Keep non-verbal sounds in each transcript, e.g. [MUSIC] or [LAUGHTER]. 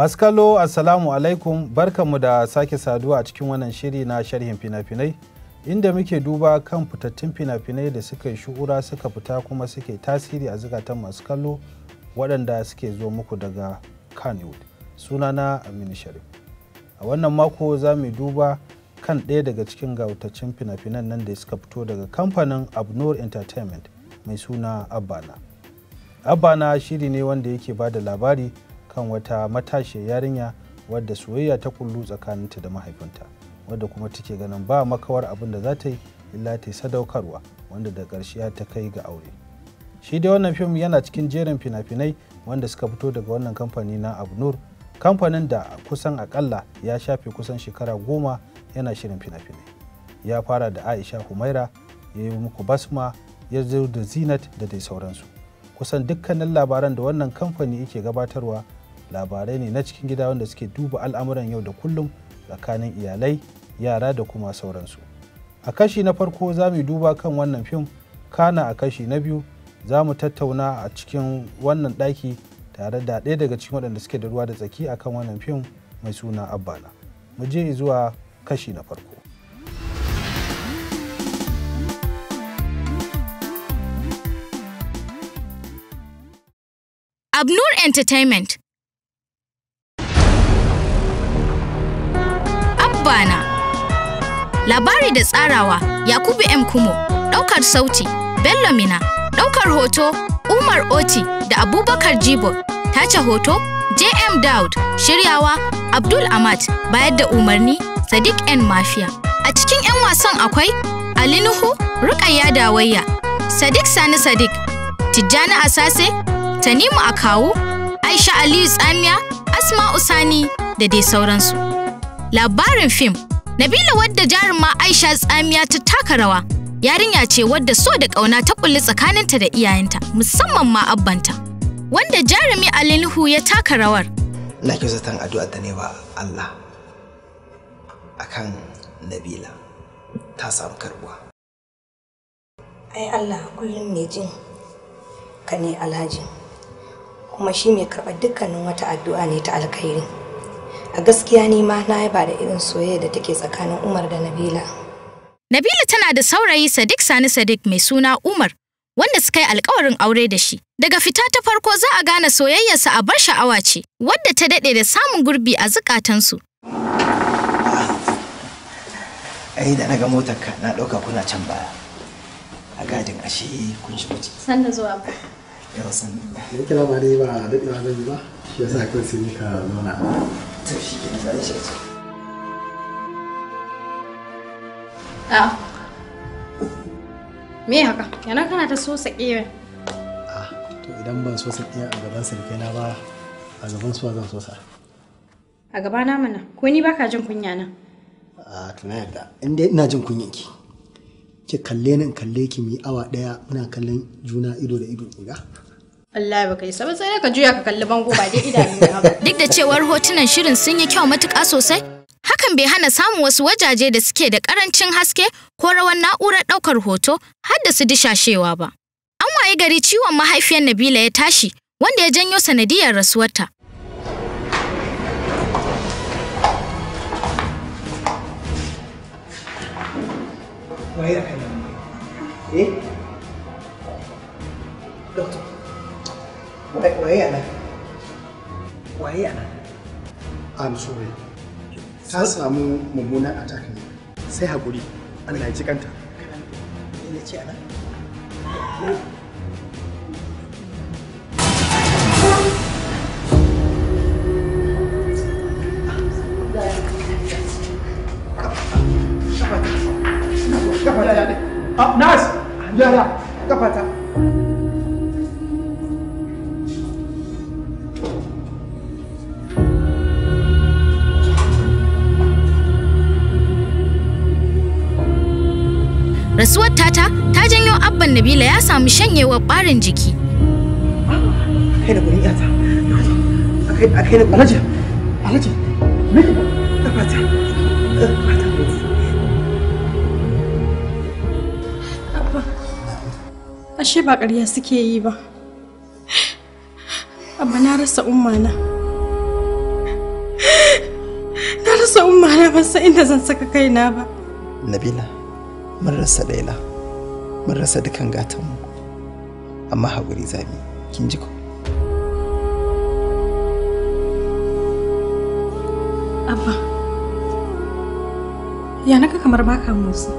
Masu kallo Assalamu alaikum barkanmu da sake saduwa a cikin wannan shiri na sharhin fina-finai inda muke duba kan fitattun fina-finai da suka yi shu'ura suka fita kuma suke tasiri a zukatan masu kallo waɗanda suke zo muku daga Kannywood. Sunana Aminu Sharif. A wannan mako za mu duba kan ɗaya daga cikin gautaccen fina-finan nan da suka fito daga kamfanin abnor Entertainment mai suna abana abana shiri ne wanda yake ba da labari kan wata matashiyar yarinya wadda soyayya ta kullu tsakaninta da mahaifinta wadda kuma take ganin ba makawar abin da za ta yi illa ta yi sadaukarwa wanda da ƙarshe har ta kai ga aure shi dai wannan fim yana cikin jerin fina-finai wanda suka fito daga wannan kamfani na abnur kamfanin da kusan akalla ya shafe kusan shekara goma yana shirin fina-finai ya fara da aisha humaira ya yi muku basma ya zo da zinat da dai sauransu kusan dukkanin labaran da wannan kamfani yake gabatarwa labarai ne na cikin gida wanda suke duba al'amuran yau da kullum tsakanin iyalai yara da kuma sauransu a kashi na farko za mu duba kan wannan fim kana a kashi na biyu za mu tattauna a cikin wannan ɗaki tare da ɗaya daga cikin waɗanda suke da ruwa da tsaki a kan wannan fim mai suna abbana mu je zuwa kashi na farko Abnur Entertainment bana Labari da tsarawa Yakubu M. Kumo, ɗaukar sauti, Bello Mina, ɗaukar hoto Umar Oti da Abubakar Jibo, tace hoto JM Daud, shiryawa Abdul Amat, bayar da umarni Sadiq N. Mafia. A cikin 'yan wasan akwai Ali Nuhu, da wayya Sadiq Sani Sadiq, Tijjani Asase, Tanimu Akawu, Aisha Aliyu Tsamiya, Asma Usani da dai sauransu. labarin fim. Nabila wadda jaruma Aisha Tsamiya ta taka rawa. Yarinya ce wadda so da ƙauna ta kulli tsakaninta da iyayenta, musamman ma abbanta. Wanda jarumi Alinuhu ya taka rawar. Na kyau zaton addu'a da ne ba Allah akan Nabila ta samu karbuwa. Ai Allah kullum mai jin ka ne alhaji kuma shi mai karɓar dukkanin wata addu'a ne ta alkhairi. a gaskiya ni ma na yaba da irin soyayya da take tsakanin Umar da Nabila. Nabila tana da saurayi Sadiq Sani Sadiq mai suna Umar wanda suka yi alkawarin aure da shi. Daga fita ta farko za a gane soyayyarsa a bar sha'awa ce wadda ta daɗe da samun gurbi a zukatansu. Ai da naga motarka na ɗauka kuna can baya. A gadin ashe kun shi Sanna zuwa. yawa san da yake na ba dai ba zan yi ba shi yasa kawai sai ka nuna. to shi ke da shi a me haka yana kana ta so a to idan ban so saƙe a gaban sarki na ba a gaban su zan so sa a gabana mana ko ni baka jin kunya na a ah, to yadda inda ina jin kunyanki ki kalle nan kalle ki mu awa daya muna kallon juna ido da ido guda Allah baka yi sabon sai ka juya ka kalli bango ba dai idanu ba [LAUGHS] duk da cewar hotunan shirin sun yi kyau matuƙa sosai hakan bai hana samun wasu wajaje da suke da ƙarancin haske ko rawan na'urar ɗaukar hoto har da su dishashewa ba an waye gari ciwon mahaifiyar Nabila ya tashi wanda ya janyo sanadiyar rasuwarta Wait a minute. Eh? Doctor, waye a nan? Waye a nan? I'm sorry. Ta samu mummunan attack ne. Sai haƙuri. Allah ya ci kanta. Ina ce a nan? shanyewar ɓarin jiki. a ashe ba ƙarya suke yi ba. Abba na rasa ummana. Na rasa ummana ban san inda zan saka kaina ba. Nabila, mun rasa Laila. mun rasa dukan gatanmu amma haƙuri zami kin ji ko abba ya naka kamar baka motsi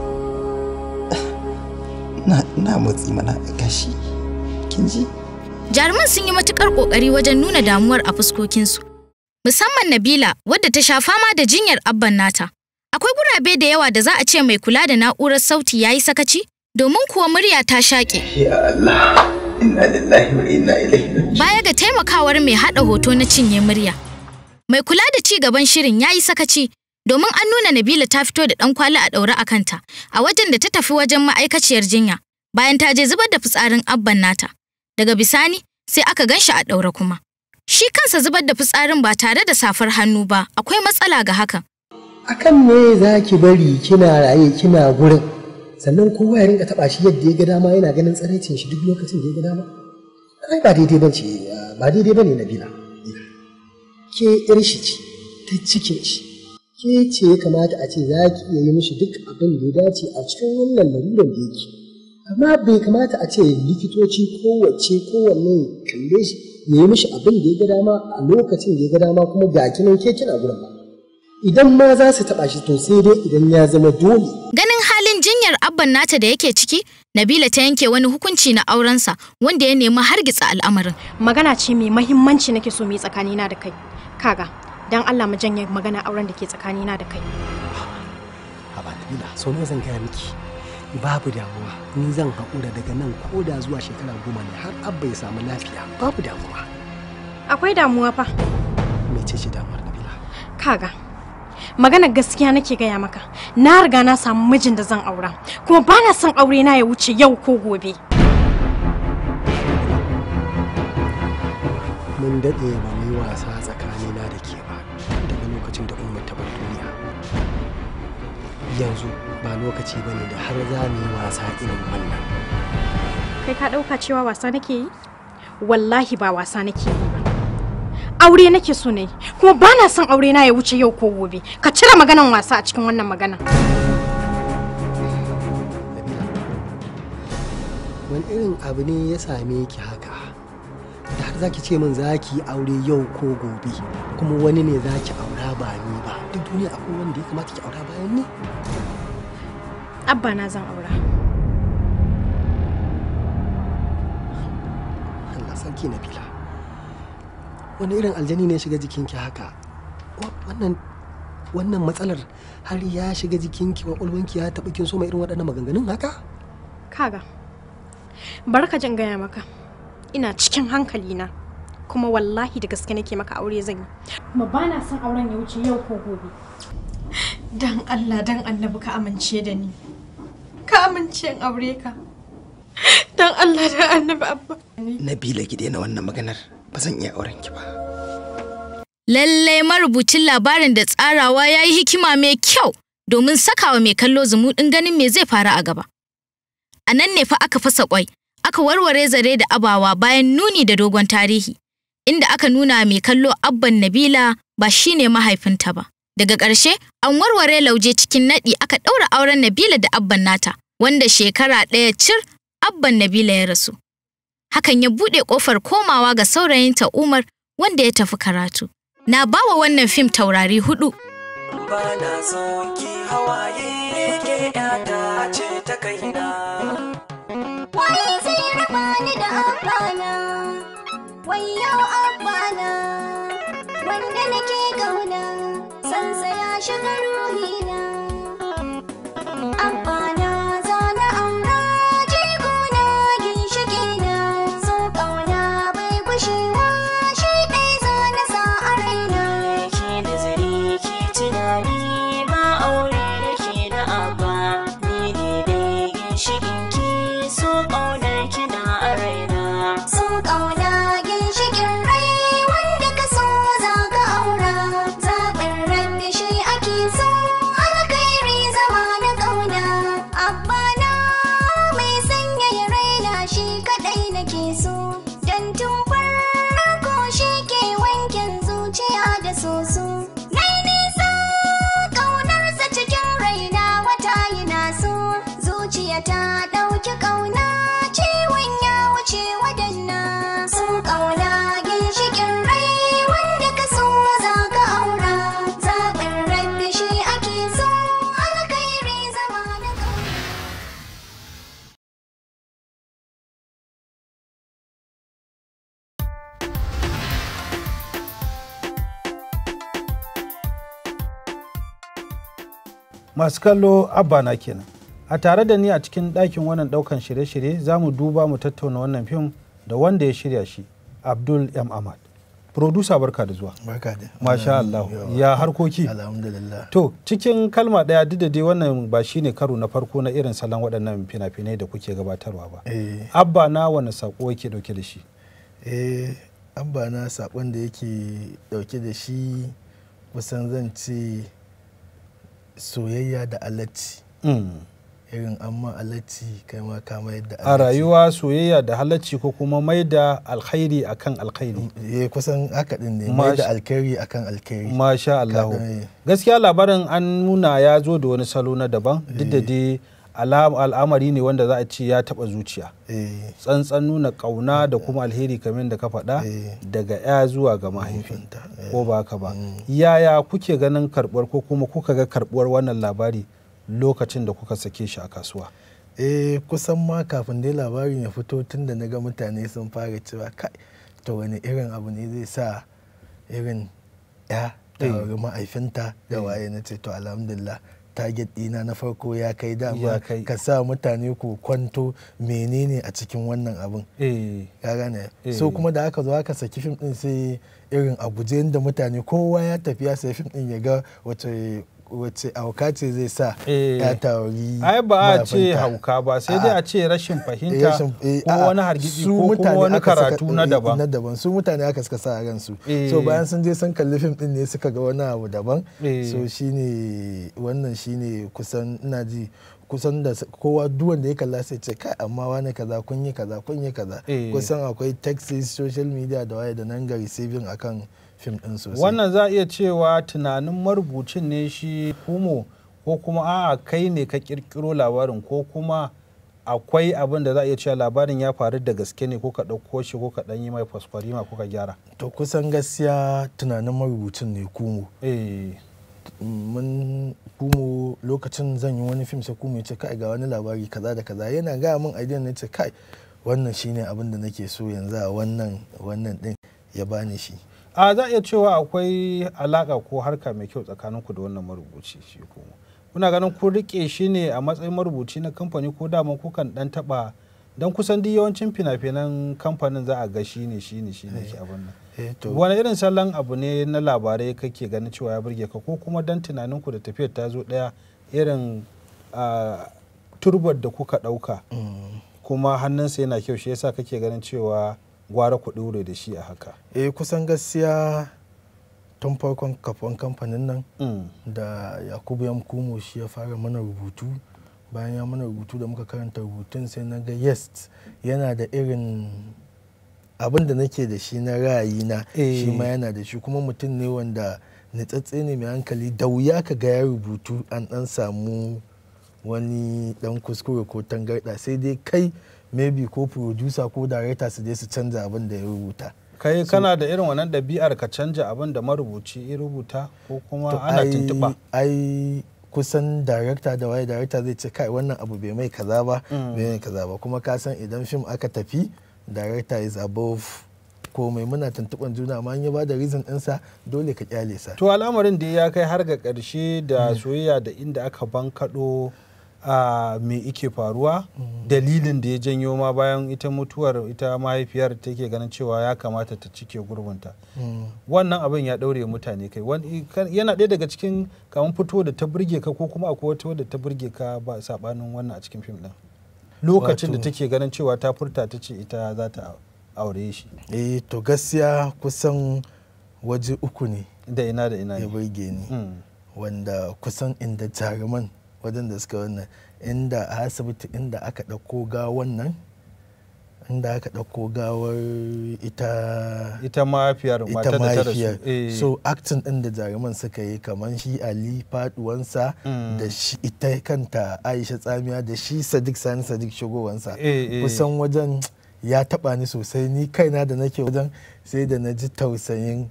na na motsi mana gashi kin ji jaruman sun yi matukar kokari wajen nuna damuwar a fuskokinsu musamman nabila wadda ta sha fama da jinyar abban nata akwai gurabe da yawa da za a ce mai kula da na'urar sauti ya yi sakaci domin kuwa murya ta shaƙe. Allah. Inna lillahi wa inna ilaihi Baya ga taimakawar mai haɗa hoto na cinye murya. Mai kula da ci gaban shirin ya yi sakaci domin an nuna Nabila ta fito da ɗan kwali a ɗaure a kanta a wajen da ta tafi wajen ma'aikaciyar jinya bayan ta je zubar da fitsarin abban nata. Daga bisani sai aka gan shi a ɗaure kuma. Shi kansa zubar da fitsarin ba tare da safar hannu ba akwai matsala ga hakan. Akan me za ki bari kina raye kina gurin sannan kowa ya rinka taba shi yadda ya ga dama yana ganin tsaraicin shi duk lokacin da ya ga dama ai ba daidai ba ce ba daidai ba ne nabila ke yar shi ce ta cikin shi ke ce ya kamata a ce za ki iya yi mishi duk abin da ya dace a cikin wannan laluran da yake amma bai kamata a ce likitoci kowace kowanne kalle shi ya yi mishi abin da ya ga dama a lokacin da ya ga dama kuma ga kinan ke kina gurin ba idan ma za su taɓa shi to sai dai idan ya zama dole ganin Maganar abban nata da yake ciki, Nabila ta yanke wani hukunci na aurensa wanda ya nemi hargitsa al'amarin. Magana ce mai mahimmanci nake so mu yi tsakanina da kai. Kaga, dan Allah mu janye magana auren da ke tsakanina da kai. Haba Nabila, so nawa zan gaya miki? Babu damuwa, ni zan haƙura daga nan ko da zuwa shekara goma ne har abba ya samu lafiya. Babu damuwa. Akwai damuwa fa. Mece ce damuwar Nabila? Kaga, magana gaskiya nake gaya maka na riga na samu mijin da zan aura kuma ba na son aure na ya wuce yau ko gobe mun daɗe ba mu yi wasa tsakanina da ke ba daga lokacin da umma ta bar duniya yanzu ba lokaci ba da har za mu yi wasa irin wannan kai ka ɗauka cewa wasa nake yi wallahi ba wasa nake yi aure nake so na kuma ba na son aure na ya wuce yau ko gobe ka cire maganan wasa a cikin wannan magana wani irin abu ne ya same ki haka da har zaki ce min zaki aure yau ko gobe kuma wani ne zaki aura ba ni ba duk duniya akwai wanda ya kamata ki aura bayan ni abba na zan aura Allah na bila wani irin aljani ne shiga jikinki haka wannan wannan matsalar har ya shiga jikinki kwakwalwanki ya taɓa kin mai irin waɗannan maganganun haka kaga barka jin gaya maka ina cikin hankali na kuma wallahi da gaske nake maka aure zan yi kuma ba na son auren ya wuce yau ko gobe dan Allah dan annabi ka amince da ni ka amince in aure ka dan Allah dan annabi abba nabila ki na wannan maganar ba zan iya auren ki ba lallai marubucin labarin da tsarawa ya yi hikima mai kyau domin sakawa mai kallo zumuɗin ganin me zai faru a gaba a nan ne fa aka fasa ƙwai, aka warware zare da abawa bayan nuni da dogon tarihi inda aka nuna mai kallo abban nabila ba shine mahaifinta ba daga ƙarshe an warware lauje cikin naɗi aka ɗaura auren nabila da abban nata wanda shekara ɗaya cir abban nabila ya rasu Hakan ya buɗe ƙofar komawa ga saurayinta Umar wanda ya tafi karatu. Na bawa wannan fim taurari hudu. da wanda nake gauna, sansa ya shiga ruhina. masu kallo abba na kenan a tare da ni a cikin ɗakin wannan ɗaukan shirye-shirye za mu duba mu tattauna wannan fim da wanda ya shirya shi abdul m ahmad Produsa barka da zuwa. Masha Allah. Ya harkoki. To cikin kalma ɗaya duk da dai wannan ba shi ne karo na farko na irin salon waɗannan fina-finai da kuke gabatarwa ba. Eh. Abba na wani saƙo yake ɗauke da shi? Eh, abba na saƙon da yake ɗauke da shi kusan zan ce soyayya da alaci mm. irin amma alaci kai ma ka mai da a rayuwa soyayya da halacci ko kuma mai da alkhairi akan alkhairi mm, eh kusan haka din ne mai da alkhairi akan alkhairi masha Allah eh. gaskiya labarin an nuna ya zo da wani salo na daban duk da eh. dai al'amari ne wanda za a ce ya taba zuciya eh. tsantsan nuna kauna da kuma alheri kamar da ka faɗa eh. daga ya zuwa ga mahaifinta eh. ko ba ka ba mm. yaya kuke ganin karbuwar ko kuma kuka ga karbuwar wannan labari lokacin da kuka sake shi a kasuwa eh kusan ma kafin dai labari ya fito tun da na ga mutane sun fara cewa kai to wani irin abu ne zai sa irin ya ta mahaifinta da waye na ce to alhamdulillah target dina na farko ya kai dama ka sa mutane ku kwanto menene a cikin wannan abin ya eh. gane eh. so kuma da aka zo aka saki fim din sai irin a guje da mutane kowa ya tafi ya sai fim din ya ga wace wace hauka ce zai sa eh. ya tauri ai ba a ce hauka ba sai dai a ce rashin eh, fahimta eh, ko wani hargitsi ko kuma wani karatu na daban na daban su mutane aka suka sa ran su so bayan sun je sun kalli fim din ne suka ga wani abu daban so shine wannan shine kusan ina ji kusan da kowa duwan da ya kalla sai ce kai amma wani kaza kun yi kaza kun yi kaza kusan akwai taxis social media da waye da nan ga receiving akan fim ɗin sosai wannan za iya cewa tunanin marubucin ne shi kumo ko kuma a'a kai ne ka kirkiro labarin ko kuma akwai abin da za a iya cewa labarin ya faru da gaske ne ko ka ɗauko shi ko ka yi mai ma ko ka gyara to kusan gaskiya tunanin marubucin ne kumo eh mun kumo lokacin zan yi wani fim sai kumo ya ce kai ga wani labari kaza da kaza yana gaya min idean ne ce kai wannan shine abin da nake so yanzu a wannan wannan din ya bani shi a za iya cewa akwai alaka ko harka mai kyau tsakanin ku da wannan marubuci shi kuma kuna ganin ku rike shi ne a matsayin marubuci na kamfani ko daman kukan dan taba don kusan duk yawancin fina-finan kamfanin za a ga shi ne shi ne shi ne ke eh, abin nan eh, wani irin sallan abu ne na labarai kake ganin cewa ya burge ka ko kuma dan tunanin ku da tafiyar ta zo daya irin turbar da kuka dauka mm. kuma hannunsa yana kyau shi yasa kake ganin cewa gwara ku ɗore da shi a haka eh kusan gaskiya tun farkon kafin kamfanin nan mm. da yakubu ya kumo shi ya fara mana rubutu bayan ya mana rubutu da muka karanta rubutun sai na ga yes yana da irin abin da nake da shi na ra'ayi na eh. shi ma yana da shi kuma mutum ne wanda nitsatse ne mai hankali da wuya ka ga ya rubutu an dan samu wani dan kuskure ko tangarda sai dai kai maybe ko producer ko director su je su canza abin da ya rubuta kai kana da irin wannan ɗabi'ar ka canza abin da marubuci ya rubuta ko kuma ana tuntuɓa ai kusan director da waye director zai ce kai wannan abu bai mai kaza ba mm. bai mai kaza ba kuma ka san idan fim aka tafi director is above komai muna tuntuɓan juna ma ya ba da reason ɗinsa dole ka kyale sa to al'amarin da ya kai har ga ƙarshe da mm. soyayya da inda aka bankaɗo me ike faruwa mm. dalilin da ya janyo ma bayan ita mutuwar ita mahaifiyar take ganin cewa ya kamata ta cike gurbinta mm. wannan abin ya daure mutane kai yana ɗaya daga cikin kamun fito da ta burge ka ko kuma akwai wata da ta burge ka ba sabanin wannan a cikin fim din lokacin da take ganin cewa ta furta ta ce ita za ta aure shi eh to gaskiya kusan waje uku ne da ina da ina ya mm. wanda kusan inda jaruman waɗanda suka wannan inda a asibiti inda aka ɗauko gawan nan inda aka ɗauko gawar ita ita mahaifiyar ita mahaifiyar eh. so actin ɗin da jaruman suka yi kamar shi ali faduwansa mm. da shi ita kanta aisha tsamiya da shi sadiq sani sadiq shigowansa eh, eh. kusan wajen ya taɓa ni sosai ni kaina da nake wajen sai da na ji tausayin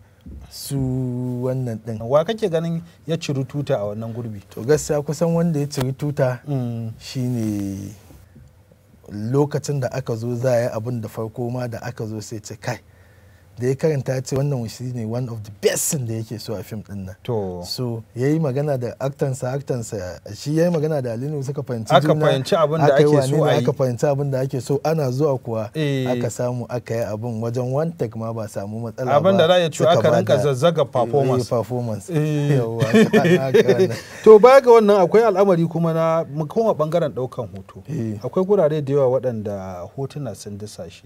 su wannan din wa kake ganin ya ciri tuta a wannan gurbi to gaskiya kusan wanda ya ciri tuta shine lokacin da aka zo za a yi abin da farko ma da aka zo sai ce kai da ya karanta ya ce wannan shi ne one of the best sin da yake so a fim din nan to so ya yi magana da aktansa aktansa shi ya yi magana da alinu suka fahimci aka fahimci abin da ake so a yi aka fahimci abin da ake so ana zuwa kuwa eh. aka samu aka yi abin wajen one take ma ba samu matsala ba abin da za ya ci aka rinka zazzaga performance eh, performance eh. [LAUGHS] [LAUGHS] to baya ga wannan akwai al'amari kuma na mu koma bangaren daukan hoto akwai gurare da yawa waɗanda hotuna sun dasa shi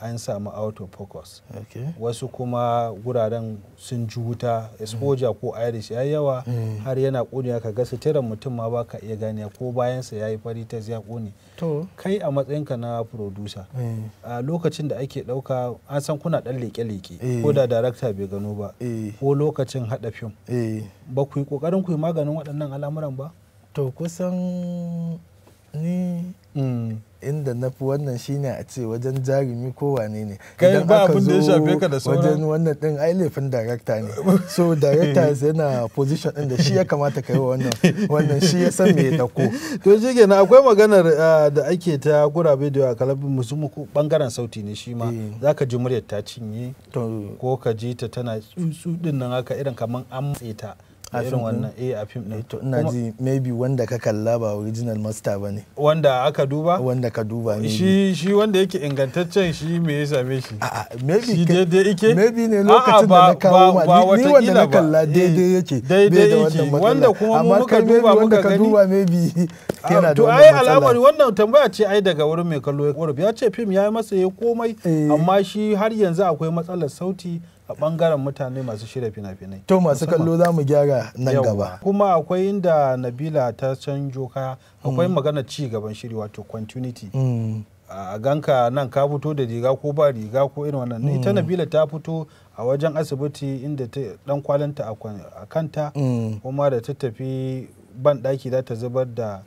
an samu auto focus wasu kuma guraren sun ji wuta exposure ko irish ya yawa mm. har yana kone ka ga sitiran mutum ma ba ka iya gane ko bayansa ya yi fari ta ya kone kai a matsayin ka na producer mm. a lokacin da ake dauka an san kuna dan leke-leke eh. ko da director bai gano ba eh. ko lokacin hada fim eh. ba ku yi kokarin ku yi maganin waɗannan al'amuran ba to kusan Mm. inda na fi wannan shine a ce wajen jarumi ko wane ne idan aka zo wajen wannan din ai laifin darakta ne so [LAUGHS] darakta yana position din da shi ya kamata ka yi wa wannan shi ya san mai dako to shi kenan akwai maganar ah, da ake ta gurabe a kalabin musamman bangaren sauti ne shi ma eh. zaka ji muryar ta cinye ko ka ji ta tana tsutsu din nan haka irin kaman an matse ta a irin wannan eh a fim din eh, to ina ji maybe wanda ka kalla ba original master bane wanda aka duba wanda ka duba ne shi shi wanda yake ingantaccen shi me ya same shi a maybe shi daidai yake maybe ne lokacin da na kawo ma ni wanda na kalla eh, daidai yake daidai yake wanda kuma mu muka duba muka gani duba maybe ah, yana da wannan ai al'amari wannan tambaya ce ai daga wurin mai kallo ya ce fim ya yi masa ya komai eh. amma shi har yanzu akwai matsalar sauti a bangaren mutane masu shirya fina-finai to masu kallo za mu gyara nan gaba kuma akwai inda nabila ta canjo ka. akwai mm. magana ci gaban shiri wato continuity mm. a ganka nan ka fito da riga ko ba riga ko irin wannan ita mm. nabila ta fito a wajen asibiti inda ta dan kwalanta a kanta kuma da ta tafi ban daki za ta zubar da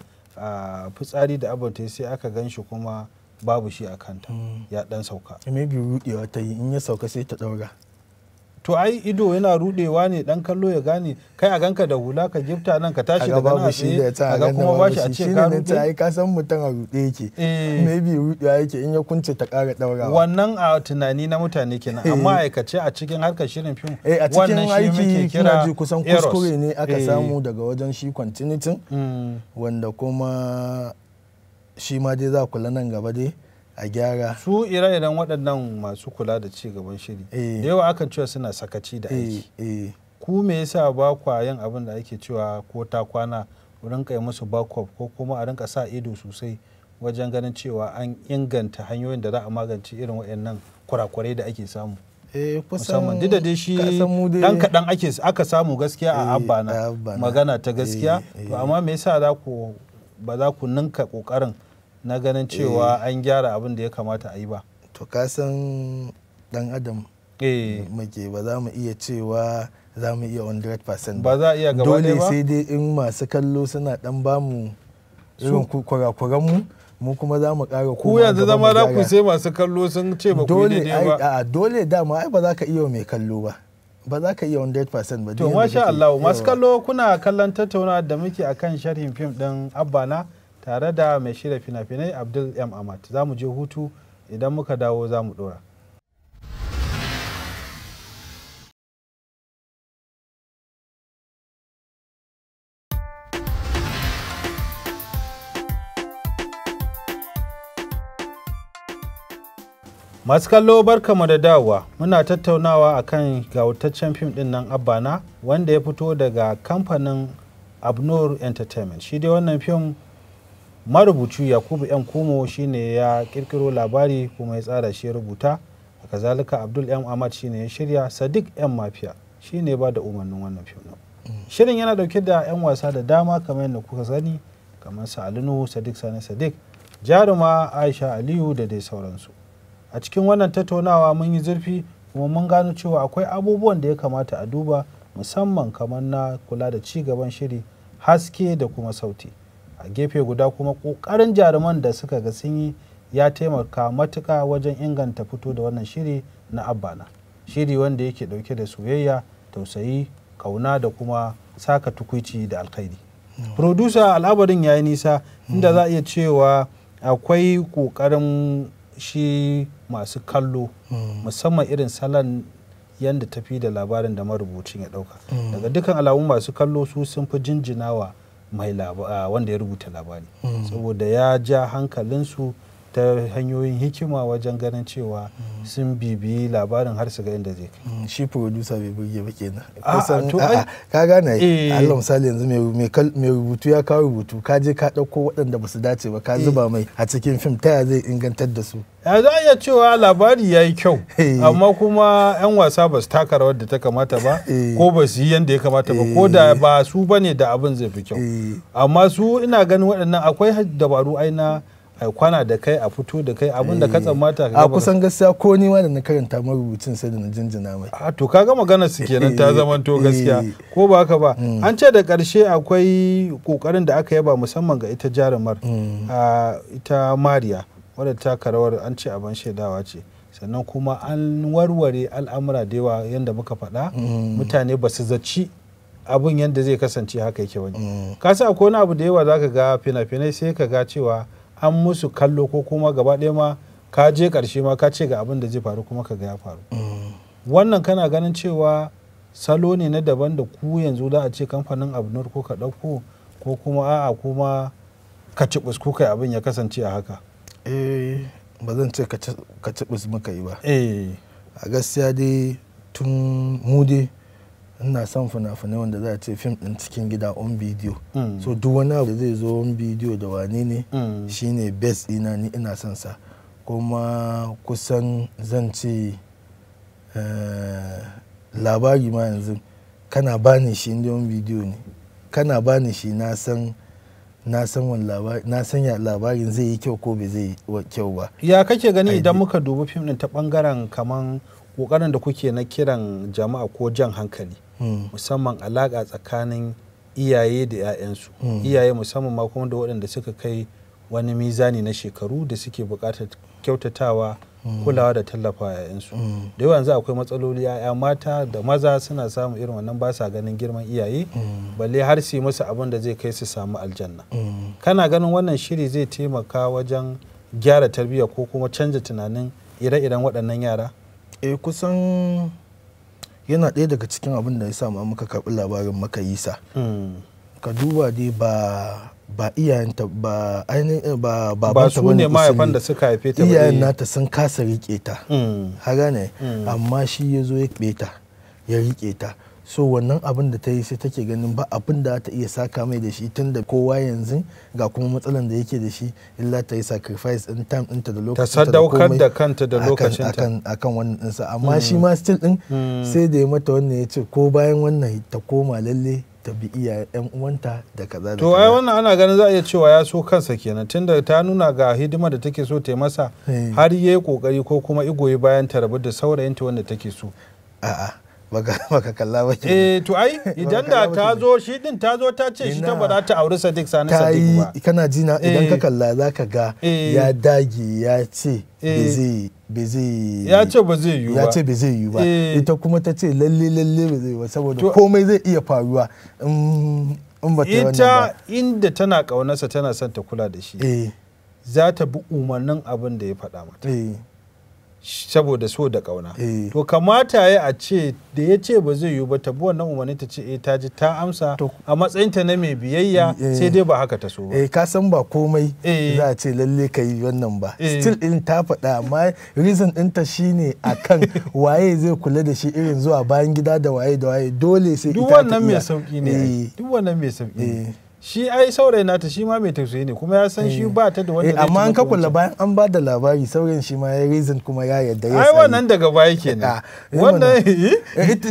fitsari da abin sai aka gan shi kuma babu shi a kanta ya dan sauka maybe rudewa ta yi in ya sauka sai ta daura to ai ido yana rudewa ne dan kallo ya gane kai a ganka da hula ka gifta nan ka tashi daga nan shi da ta ga kuma ba shi a ce ka rudu ai ka san mutum a rude yake eh. maybe rudewa yake in ya kunce ta kara daurawa wannan a tunani na mutane kenan eh. amma aikace a cikin harkar shirin fim eh, wannan shi muke kira ji kusan kuskure ne aka samu daga wajen shi continuity hmm. wanda kuma shi ma dai za kula nan gaba dai a gyara su ire-iren waɗannan masu kula da ci gaban shiri da eh. yawa akan cewa suna sakaci da aiki eh, eh. ku me yasa ba kwa yin abin da ake cewa ko ta kwana rinka yi musu backup ko kuma a rinka sa ido sosai wajen ganin cewa an inganta hanyoyin da za a magance irin waɗannan kurakurai da ake samu musamman duk da dai shi dan kaɗan aka samu gaskiya a abba magana ta gaskiya to amma me yasa za ku ba za ku ninka ƙoƙarin na ganin cewa eh. an gyara abin da ya kamata a yi ba to ka san dan adam eh. muke ba za mu iya cewa za mu iya 100% ba za a iya gaba dole sai dai in masu kallo suna dan bamu irin kurakuran mu mu kuma za mu ƙara ku yanzu zama za ku sai masu kallo sun ce ba ku yi daidai ba dole dama ai ba za ka iya mai kallo ba ba za ka iya 100% ba to masha Allah masu kallo kuna kallon tattaunawa da muke akan sharhin fim din abba na tare da mai shirya fina-finai abdul m ahmad za mu je hutu idan muka dawo za mu dora masu kallo barkamu da dawowa muna tattaunawa a kan gautaccen fim din nan abana wanda ya fito daga kamfanin abnur entertainment shi dai wannan fim marubuci yakubu yan kumo shine ya kirkiro labari kuma ya tsara shi rubuta a kazalika abdul yan ahmad shine ya shirya sadiq yan mafiya shine ba da umarnin wannan fim shirin yana dauke da yan wasa da dama kamar yadda kuka sani kamar su alinu sadiq sani sadiq jaruma aisha aliyu da dai sauransu a cikin wannan tattaunawa mun yi zurfi kuma mun gano cewa akwai abubuwan da ya kamata a duba musamman kamar na kula da ci gaban shiri haske da kuma sauti a gefe guda kuma ƙoƙarin jaruman da suka ga sun yi ya taimaka matuka wajen inganta fito da wannan shiri na abbana shiri wanda yake ɗauke da soyayya tausayi kauna da kuma saka tukuici da alkhairi producer al'abarin ya yi nisa inda za a iya cewa akwai ƙoƙarin shi masu kallo musamman irin salon yadda tafi da labarin da marubucin ya ɗauka daga dukkan alamu masu kallo su sun fi jinjinawa mai ah, wanda ya rubuta labari hmm. saboda ya ja hankalinsu ta hanyoyin hikima wajen ganin cewa mm. sun bibi labarin har su ga inda zai kai mm, shi producer bai burge ba kenan kusan ka gane eh. Allah misali yanzu mai rubutu ya kawo rubutu ka je ka dauko waɗanda ba su dace ba ka eh. zuba mai a cikin fim taya zai ingantar da su ya za iya cewa labari ya yi kyau [LAUGHS] eh. amma kuma 'yan wasa ba su taka rawar da ta kamata ba [LAUGHS] ko ba su yi yadda ya kamata ba ko da ba su bane da abin zai fi kyau amma su ina ganin waɗannan akwai dabaru aina a kwana da kai a fito da kai abin da ka eh. tsammata a kusan gaskiya ko ni ma da na karanta marubucin sai da na jinjina mai a ah, to kaga magana su kenan ta eh, zaman to gaskiya eh. ko ba haka ba mm. an ce da karshe akwai kokarin da aka yaba musamman ga ita jarumar mm. ita mariya wadda ta karawar an ce abin shaidawa ce sannan kuma an warware al'amura da yawa yadda muka faɗa mm. mutane ba su zaci abin yadda zai kasance haka yake wani kasa akwai wani abu da yawa zaka ga fina-finai sai ka ga cewa an musu kallo ko kuma gaba ɗaya ma ka je ƙarshe ma ka ce ga abin da zai faru kuma ka ga ya faru mm. wannan kana ganin cewa salo ne na daban da ku yanzu za a ce kamfanin abnur ko ka ɗauko ko kuma a'a kuma ka ci ko kai abin ya kasance a haka eh ba zan ce ka ci muka yi ba eh a gaskiya dai tun mu ina son fina-finai wanda za a ce fim din cikin gida on bidiyo mm. so duk wani abu da zai zo on bidiyo da wane ne mm. shine best ina ni ina son sa kuma kusan zan ce eh, labari ma yanzu kana bani shi inda on bidiyo ne kana bani shi na san ya labarin zai yi kyau ko bai zai yi kyau ba ya kake gani idan muka dubi fim din ta bangaren kaman kokarin da kuke na kiran jama'a ko jan hankali hmm. musamman alaƙa tsakanin iyaye da 'ya'yansu hmm. iyaye musamman ma kuma da waɗanda suka kai wani mizani na shekaru da suke buƙatar kyautatawa hmm. kulawa da tallafa 'ya'yansu da yawa yanzu akwai matsaloli 'ya'ya mata da maza suna samun irin wannan ba sa ganin girman iyaye balle har su yi musu abin da zai kai su samu aljanna kana ganin wannan shiri zai taimaka wajen gyara tarbiyya ko kuma canza tunanin ire-iren waɗannan yara eh kusan yana ɗaya daga cikin abin da ya sa ma muka karɓi labarin makayisa hmm. ka duba dai ba ba iyayenta ba ainihin eh, ba ba su ne mahaifan da suka haife ta iyayen eh. nata sun kasa rike ta har hmm. ne hmm. amma shi ya zo ya ta ya rike ta so wannan abin da ta yi sai take ganin ba abin da ta iya saka mai da shi tun da kowa yanzu ga kuma matsalan da yake da shi illa ta yi sacrifice in time ɗinta da lokacin ta sadaukar da kanta da lokacin akan akan wannan ɗinsa amma hmm. shi ma still ɗin hmm. sai da ya mata wannan ya ce ko bayan wannan ta koma lalle ta bi iya yan uwanta da kaza to ai wannan ana ganin za a iya cewa ya so kansa kenan tunda ta nuna ga hidima da take so ta masa hmm. har yayi kokari ko kuma igoyi bayan ta rabu da saurayinta wanda take so a'a [LAUGHS] baka kalla ba ke eh to ai [LAUGHS] idan da ta zo shi din ta zo ta ce shi ta ba za ta auri Sadiq Sani Sadiq ba kana ji na idan ka eh. kalla za ka ga eh. ya dage ya ce ba eh. zai ya ce ba zai yiwu ba ya ce ba zai yiwu ba ita kuma ta ce lalle lalle ba zai yiwu saboda komai zai iya faruwa in ba ta ita inda tana kaunarsa tana son ta kula da shi za ta bi umarnin abin da ya faɗa mata saboda so da kauna eh. to kamata ya a ce da ya ce ba zai yiwu ba tabi nan umarni ta ce eh, ta ji ta amsa a matsayinta na mai biyayya eh. sai dai ba haka ta so ba ka san ba komai za a ce lalle ka yi wannan ba still din ta faɗa amma reason ɗinta shine akan [LAUGHS] waye zai kula da shi irin zuwa bayan gida da waye da waye dole sai ita ta duk wannan mai sauki ne duk wannan mai sauki ne shi ai saurayi nata shi ma mai tausayi ne kuma ya san shi eh. ba ta da wanda eh, amma an ka kula bayan an ba da labari saurayin shi ma ya reason kuma ya yarda ya ai wannan daga baya kenan ah, eh, wannan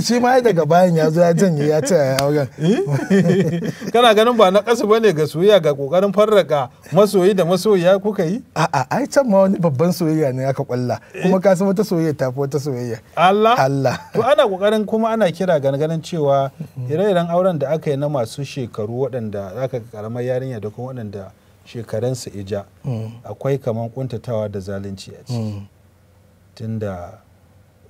[LAUGHS] shi ma ya daga bayan ya zo ya janye ya ce ya auren [LAUGHS] [LAUGHS] kana ganin ba na kasu bane ga soyayya ga kokarin farraka masoyi da masoyiya kuka yi a'a ai can ma wani babban soyayya ne aka kwalla kuma ka san wata soyayya ta fi wata soyayya Allah Allah to ana kokarin kuma ana kira ganin cewa ire-iren auren da aka yi na masu shekaru waɗanda zaka karamar yarinya da kuma waɗanda shekaransu ija mm. akwai kamar kuntatawa da zalunci a ciki mm. tunda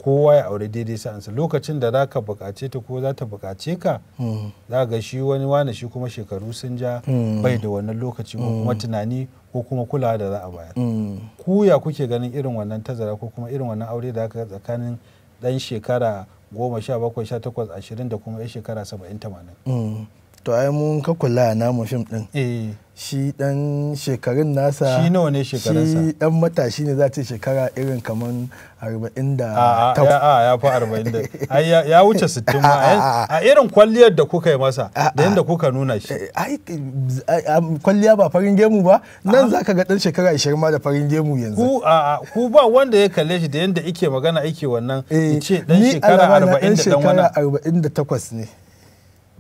kowa ya aure daidai sa'ansa lokacin da za ka bukace ta ko za ta bukace ka mm. za ga shi wani wani shi kuma shekaru sun ja bai da wannan lokaci ko kuma tunani ko kuma kulawa da za a bayar ku ya kuke ganin irin wannan tazara ko kuma irin wannan aure da aka tsakanin dan shekara goma sha bakwai sha takwas ashirin da kuma yan shekara saba'in tamanin to ai mun ka kula na mu fim din eh. shi dan shekarun nasa shi nawa ne shekarunsa shi dan matashi ne za ta shekara irin kaman 48 da a ya fi 40 [LAUGHS] ai ya wuce 60 ma a irin kwalliyar da kuka yi masa da yadda kuka nuna shi eh, ai kwalliya ba farin gemu ba nan zaka ga dan shekara 20 ma da farin gemu yanzu ku ba wanda ya kalle shi da yadda ike magana ike wannan eh, ce dan shekara 40 da wannan 48 ne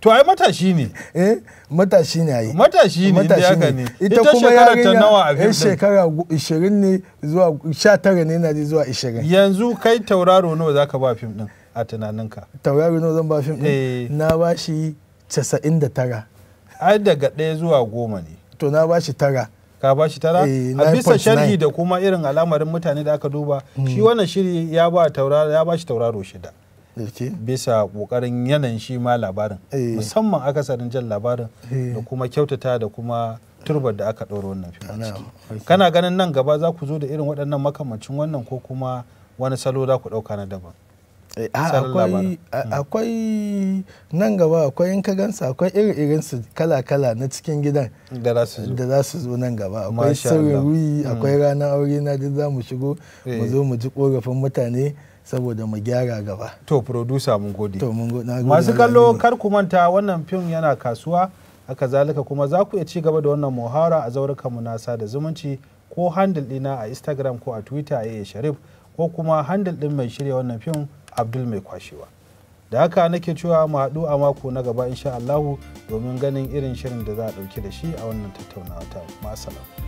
To ai matashi ne. Eh matashi ne ai. Matashi ne da haka ne. Ita kuma yarinya ta nawa a fim shekara 20 ne zuwa 19 ne na zuwa 20. Yanzu kai tauraro nawa zaka ba fim din a tunaninka? Tauraro nawa zan ba fim din? Eh. Na ba shi 99. Ai daga 1 zuwa 10 ne. To na ba shi 9 ka ba shi 9 eh, a bisa sharhi da kuma irin al'amarin mutane da aka duba shi hmm. wannan shiri ya ba tauraro ya ba shi tauraro shida bisa kokarin yanayin shi ma labarin eh. musamman akasarin jan labarin eh. da kuma kyautata da kuma turbar da aka ɗora wannan fim kana ganin nan gaba za ku zo da irin waɗannan makamancin wannan ko kuma wani salo za ku ɗauka na daban eh, hmm. akwai nan gaba akwai in ka gansa akwai irin su kala-kala na cikin gidan da za su zo nan gaba akwai sirri hmm. akwai ranar aure na duk za mu shigo mu zo mu ji korafin mutane saboda mu gyara gaba to producer mun gode masu kallo kar ku manta wannan fim yana kasuwa haka zalika kuma za ku iya ci gaba da wannan muhawara a mu na sada zumunci ko handle ɗina a instagram ko a twitter a sharif ko kuma handle ɗin mai shirya wannan fim abdul mai kwashewa da haka nake cewa mu haɗu a mako na gaba insha allahu domin ganin irin shirin da za a ɗauki da shi a wannan tattaunawa ta ma'asalam.